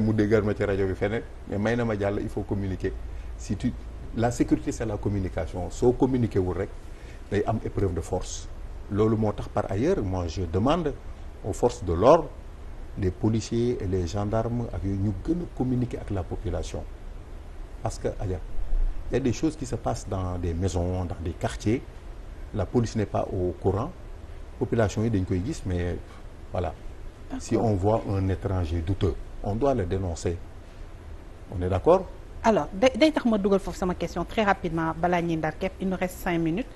mu déggal ma ci rajo bi feneen mais may na ma jàll il faut communiquer si tu la sécurité c'est la communication soo communiquer wul rek day am épreuve de force loolu moo tax par ailleurs moi je demande aux forces de l'ordre les policiers et les gendarmes ak yooyu ñu gën communiquer ak la population parce que aja y a des choses qui se passent dans des maisons dans des quartiers la police n'est pas au courant population yi dañ koy gis mais voilà si on voit un étranger douteux on doit le dénoncer on est d'accord alors day tax ma dugal foofu sama question très rapidement balaa ñuy ndar képp il nous reste cinq minutes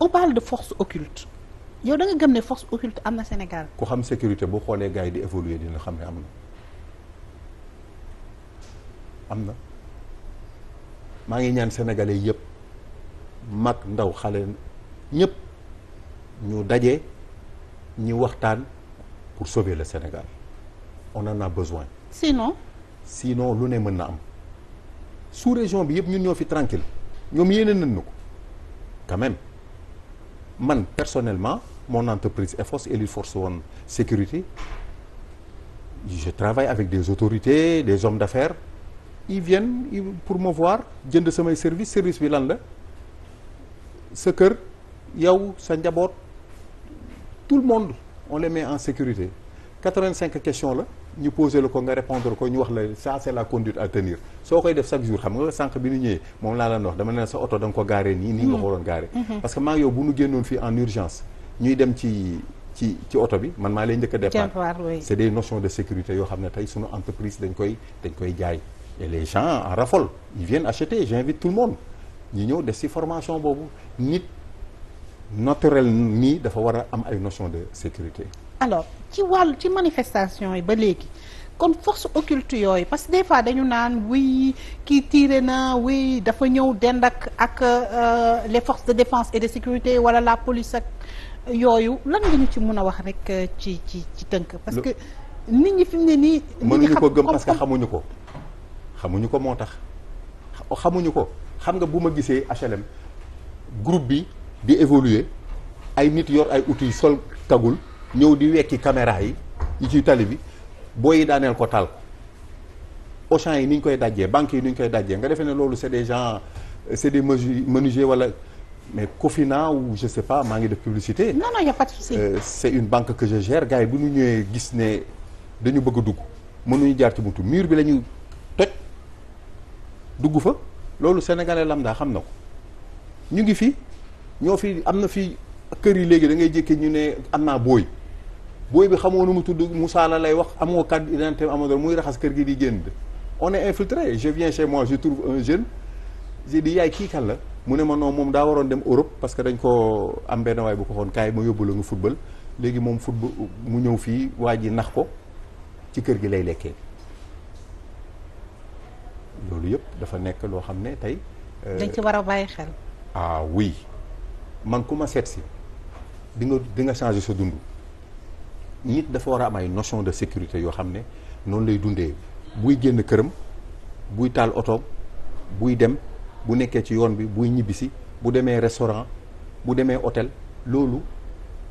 on parle de force occulte yow da nga gëm ne force occulte am na Sénégal ku xam sécurité boo xoolee gars yi di évoluer dina xam ne am na am na maa ngi ñaan sénégalais yëpp mag ndaw xale ñëpp ñu daje ñu waxtaan pour sauver le Sénégal on en a besoin. sinon. sinon lu ne mën na am sous région bi yëpp ñun ñoo fi tranquille ñoom yéene nañ ko quand même man personnellement mon entreprise EFOS Elite Force One Sécurité je travaille avec des autorités des hommes d'affaires ils viennent pour me voir jënd samay service service bi lan la sa kër yow sa njaboot tout le monde on les met en sécurité cinq questions la ñu posé la ko nga répondre ko ñu wax la ça c'est la conduite à tenir soo koy def chaque jour xam nga sànq bi ñu ñëwee moom laa leen wax dama ne sa oto da nga ko gaaree nii nii nga ko waroon gaaree mm-hmm. parce que maa ngi yow bu ñu génnoon fii en urgence ñuy dem ci ci ci oto bi man maa lay njëkk a départ c'est des notions de sécurité yoo xam ne tey suñu entreprise dañ koy dañ koy jaay et les gens en raffolent ils viennent acheter j'invite tout le monde ñu ñëw def ci formation boobu nit naturel nii dafa war a am ay notions de sécurité alors ci wàll ci manifestation yi ba léegi kon force occulte yooyu parce que des fois dañu naan wuy kii tiire na oui dafa ñëw dend ak ak euh, les forces de défense et de sécurité wala la police ak yooyu lan nga ci mën a wax rek euh, ci ci ci tënk. parce que nit ñi fi mu ne nii. mënuñu ko gëm parce que xamuñu ko. xamuñu ko moo tax xamuñu ko xam nga bu ma gisee HLM groupe bi bi évoluer ay nit yor ay outils sol kagul ñëw di wekki caméra yi yi ci tali bi booy yi daaneel ko taal Auchan yi ni ñu koy dajee banque yi ni ñu koy dajee nga defee ne loolu c'est des gens c'est des menuisiers wala mais Cofina wu je sais pas maa ngi def publicité. non non euh, c'est une banque que je gère gars yi bu ñu ñëwee gis ne dañu bëgg a dugg mënuñu jaar ci buntu mur bi la ñu toj dugg fa loolu sénégalais lambda xam na ko ñu ngi fi ñoo fi am na fi kër yi léegi da ngay jékki ñu ne am naa booy bi xamoo nu mu tudd Moussa la lay wax amoo carte d'identité amoo dara muy raxas kër gi di génn on est infiltré je viens chez moi je trouve un jeune j'ai dit yaay kii kan la mu ne ma non moom daa waroon dem Europe parce que dañ ko am benn waay bu ko xoon kaay ma yóbbu la nga football léegi moom football mu ñëw fii waa ji nax ko ci kër gi lay lekkee loolu yëpp dafa nekk loo xam ne tey. Euh, dañ ci war a bàyyi xel. ah oui man ku ma seet si di nga di nga changer sa dund. nit dafa war a am ay notion de sécurité yoo xam ne noonu lay dundee buy génn këram buy taal otoom buy dem bu nekkee ci yoon bi buy ñibbisi bu demee restaurant bu demee hôtel loolu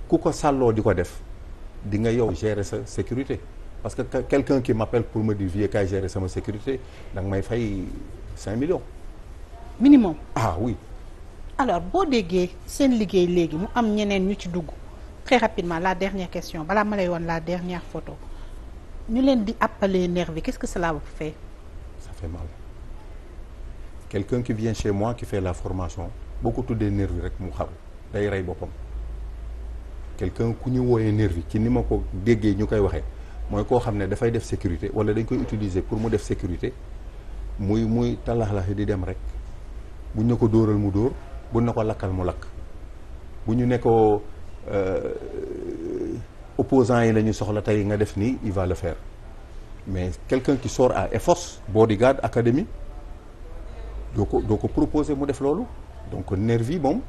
ku ko sàlloo di ko def di nga yow gérer sa sécurité parce que quelqu'un qui m'appelle pour ma dire vieux kaay sama sécurité danga nga may fay 5 millions. minimum ah oui. alors boo déggee seen liggéey léegi mu am ñeneen ñu ci dugg. très rapidement la dernière question balaa ma lay woon la dernière photo ñu leen di appeler nervi qu'est-ce que cela fait. ça fait mal quelqu'un qui vient chez moi qui fait la formation boo ko tuddee nervi rek mu xam day rey boppam. quelqu'un ku ñu wooyee nervi ci ni ma ko déggee ñu koy waxee mooy koo xam ne dafay def sécurité wala dañ koy utiliser pour mu def sécurité muy muy talaxlax di dem rek buñ ne ko dóoral mu dóor buñ ne ko lakkal mu lakk bu ñu Euh, opposants yi la ñu soxla tey nga def nii il va le faire mais quelqu'un qui sort à EFOS bodyguard académie doo ko doo ko proposer mu def loolu donc nervi moom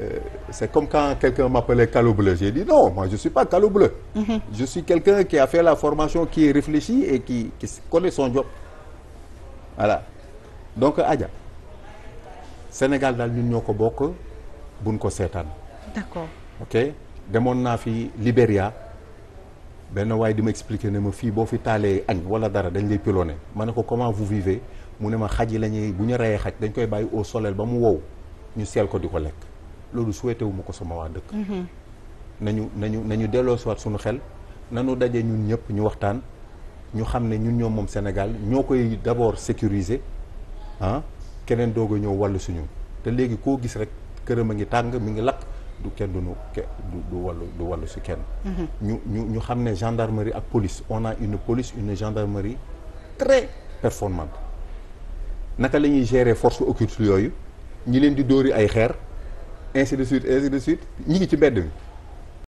euh, c'est comme quand quelqu'un m'appelait Calo Bleu j'ai dit non je suis pas Calo mm-hmm. je suis quelqu'un qui a fait la formation qui est réfléchi et qui qui connaît son job voilà donc Adja Sénégal daal ñun ñoo ko bokk buñ ko seetaan ok demoon naa fi liberia benn waaye di ma expliquer ne ma fii boo fi taalee añ wala dara dañ lay pilonné ma ne ko comment vive mu ne ma xaj yi la ñuy bu ñu reyee xaj dañ koy bàyyi au soleil ba mu wow ñu seel ko di ko lekk loolu su wu ma ko sama waa dëkk. Mhm. nañu nañu nañu delloo siwaat suñu xel nanu daje ñun ñëpp ñu waxtaan ñu xam ne ñun ñoom moom Sénégal ñoo koy d'abord sécuriser ah keneen doog a ñëw wàllu suñu te léegi koo gis rek këram a ngi tàng mi ngi lakk. du kenn du nu du wàllu du wàllu si kenn. Mhm. ñu ñu ñu xam ne gendarmerie ak police on a une police une gendarmerie très performante naka la ñuy gérer force occulte yooyu ñi leen di dóori ay xeer ainsi de suite ainsi ñi ngi ci mbedd mi.